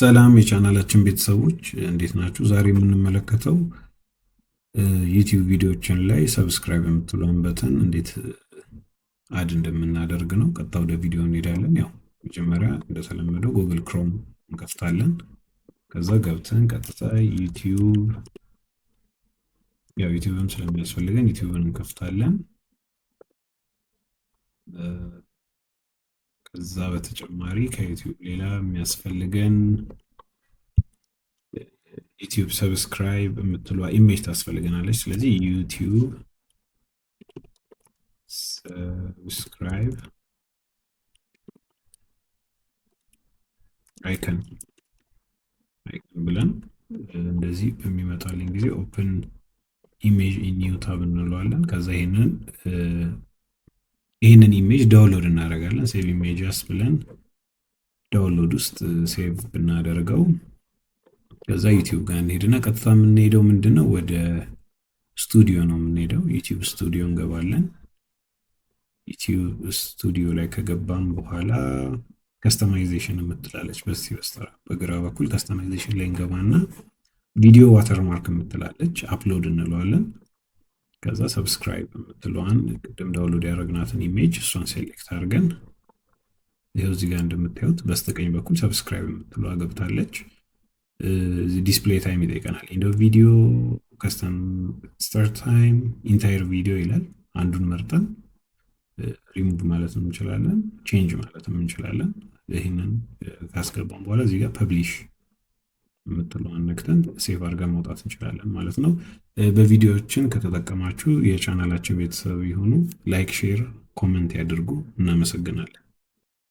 ሰላም የቻናላችን ቤተሰቦች እንዴት ናችሁ? ዛሬ የምንመለከተው ዩቲዩብ ቪዲዮዎችን ላይ ሰብስክራይብ የምትለውን በተን እንዴት አድ እንደምናደርግ ነው። ቀጥታ ወደ ቪዲዮ እንሄዳለን። ያው መጀመሪያ እንደተለመደው ጉግል ክሮም እንከፍታለን። ከዛ ገብተን ቀጥታ ዩቲዩብ ያው ዩቲዩብም ስለሚያስፈልገን ዩቲዩብን እንከፍታለን። ከዛ በተጨማሪ ከዩቲዩብ ሌላ የሚያስፈልገን ዩቲዩብ ሰብስክራይብ የምትሏ ኢሜጅ ታስፈልገናለች። ስለዚህ ዩቲዩብ ሰብስክራይብ አይከን አይከን ብለን እንደዚህ በሚመጣልኝ ጊዜ ኦፕን ኢሜጅ ኢኒው ታብ እንለዋለን። ከዛ ይህንን ይህንን ኢሜጅ ዳውንሎድ እናደርጋለን። ሴቭ ኢሜጅስ ብለን ዳውንሎድ ውስጥ ሴቭ ብናደርገው ከዛ ዩቲዩብ ጋር እንሄድና ቀጥታ የምንሄደው ምንድን ነው ወደ ስቱዲዮ ነው የምንሄደው። ዩቲዩብ ስቱዲዮ እንገባለን። ዩቲዩብ ስቱዲዮ ላይ ከገባም በኋላ ከስተማይዜሽን የምትላለች በስ በስተራ በግራ በኩል ከስተማይዜሽን ላይ እንገባና ቪዲዮ ዋተርማርክ የምትላለች አፕሎድ እንለዋለን። ከዛ ሰብስክራይብ የምትለዋን ቅድም ዳውንሎድ ያደረግናትን ኢሜጅ እሷን ሴሌክት አድርገን ይኸው እዚህ ጋር እንደምታዩት በስተቀኝ በኩል ሰብስክራይብ የምትለዋ ገብታለች። ዲስፕሌይ ታይም ይጠይቀናል። ኢንዶ ቪዲዮ፣ ከስተም ስታርት ታይም፣ ኢንታይር ቪዲዮ ይላል። አንዱን መርጠን ሪሙቭ ነው እንችላለን፣ ቼንጅ ማለትም እንችላለን። ይህንን ካስገባን በኋላ እዚህ ጋር ፐብሊሽ የምትለው አነክተን ሴቭ አድርገን መውጣት እንችላለን ማለት ነው። በቪዲዮዎችን ከተጠቀማችሁ የቻናላችን ቤተሰብ የሆኑ ላይክ፣ ሼር፣ ኮመንት ያድርጉ። እናመሰግናለን።